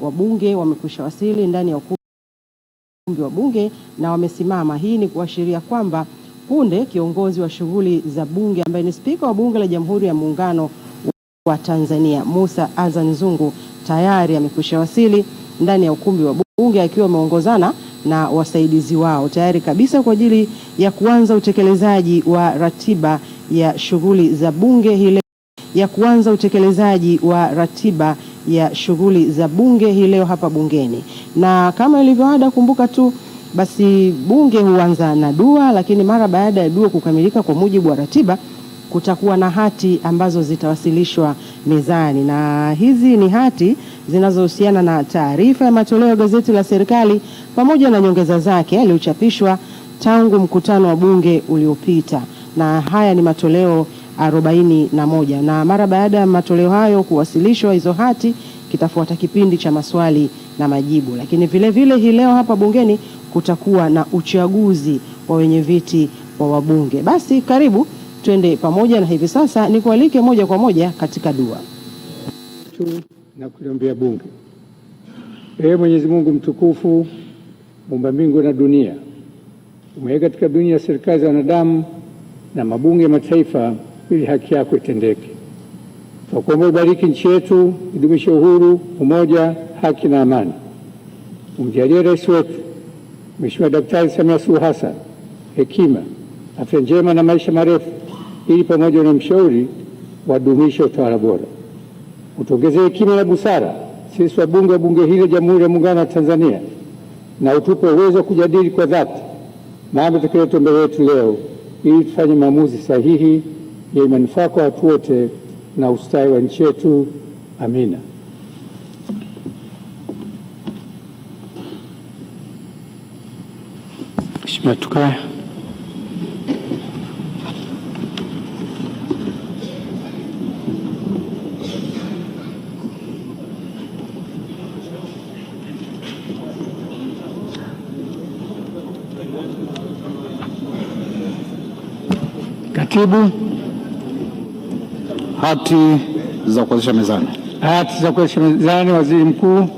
Wabunge wamekwisha wasili ndani ya ukumbi wa bunge na wamesimama. Hii ni kuashiria kwamba punde kiongozi wa shughuli za bunge ambaye ni spika wa bunge la Jamhuri ya Muungano wa Tanzania Musa Azan Zungu tayari amekwisha wasili ndani ya ukumbi wa bunge akiwa ameongozana na wasaidizi wao tayari kabisa kwa ajili ya kuanza utekelezaji wa ratiba ya shughuli za bunge hile ya kuanza utekelezaji wa ratiba ya shughuli za bunge hii leo hapa bungeni, na kama ilivyoada, kumbuka tu basi bunge huanza na dua, lakini mara baada ya dua kukamilika kwa mujibu wa ratiba kutakuwa na hati ambazo zitawasilishwa mezani, na hizi ni hati zinazohusiana na taarifa ya matoleo ya gazeti la serikali pamoja na nyongeza zake yaliyochapishwa tangu mkutano wa bunge uliopita, na haya ni matoleo 41 na mara baada ya matoleo hayo kuwasilishwa hizo hati kitafuata kipindi cha maswali na majibu. Lakini vile vile hii leo hapa bungeni kutakuwa na uchaguzi wa wenye viti wa wabunge. Basi karibu twende pamoja, na hivi sasa nikualike moja kwa moja katika dua na kuliombea bunge. Ee Mwenyezi Mungu mtukufu, muumba mbingu na dunia, umeweka katika dunia serikali za wanadamu na mabunge ya mataifa ili haki yako itendeke. Tunakuomba ubariki nchi yetu, idumishe uhuru, umoja, haki na amani. Umjalie rais wetu Mheshimiwa Daktari Samia Suluhu Hassan hekima, afya njema na maisha marefu, ili pamoja na mshauri wadumishe utawala bora. Utuongezee hekima na busara sisi wabunge wa bunge hili la Jamhuri ya Muungano wa Tanzania, na utupe uwezo wa kujadili kwa dhati mambo tutakayoletwa mbele yetu leo, ili tufanye maamuzi sahihi ya manufaa kwa watu wote na ustawi wa nchi yetu. Amina. Mheshimiwa, tukae. Katibu hati za kuanzisha mezani. Hati za kuanzisha mezani, Waziri Mkuu.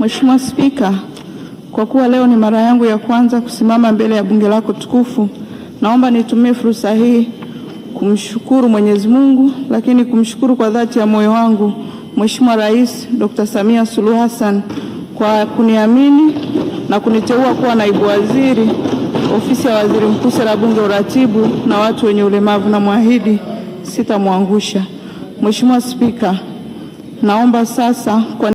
Mheshimiwa Spika, kwa kuwa leo ni mara yangu ya kwanza kusimama mbele ya bunge lako tukufu, naomba nitumie fursa hii kumshukuru Mwenyezi Mungu, lakini kumshukuru kwa dhati ya moyo wangu Mheshimiwa Rais Dr. Samia Suluhu Hassan kwa kuniamini na kuniteua kuwa naibu waziri ofisi ya waziri mkuu, sera bunge, uratibu na watu wenye ulemavu, na mwahidi sitamwangusha. Mheshimiwa Spika, naomba sasa kwa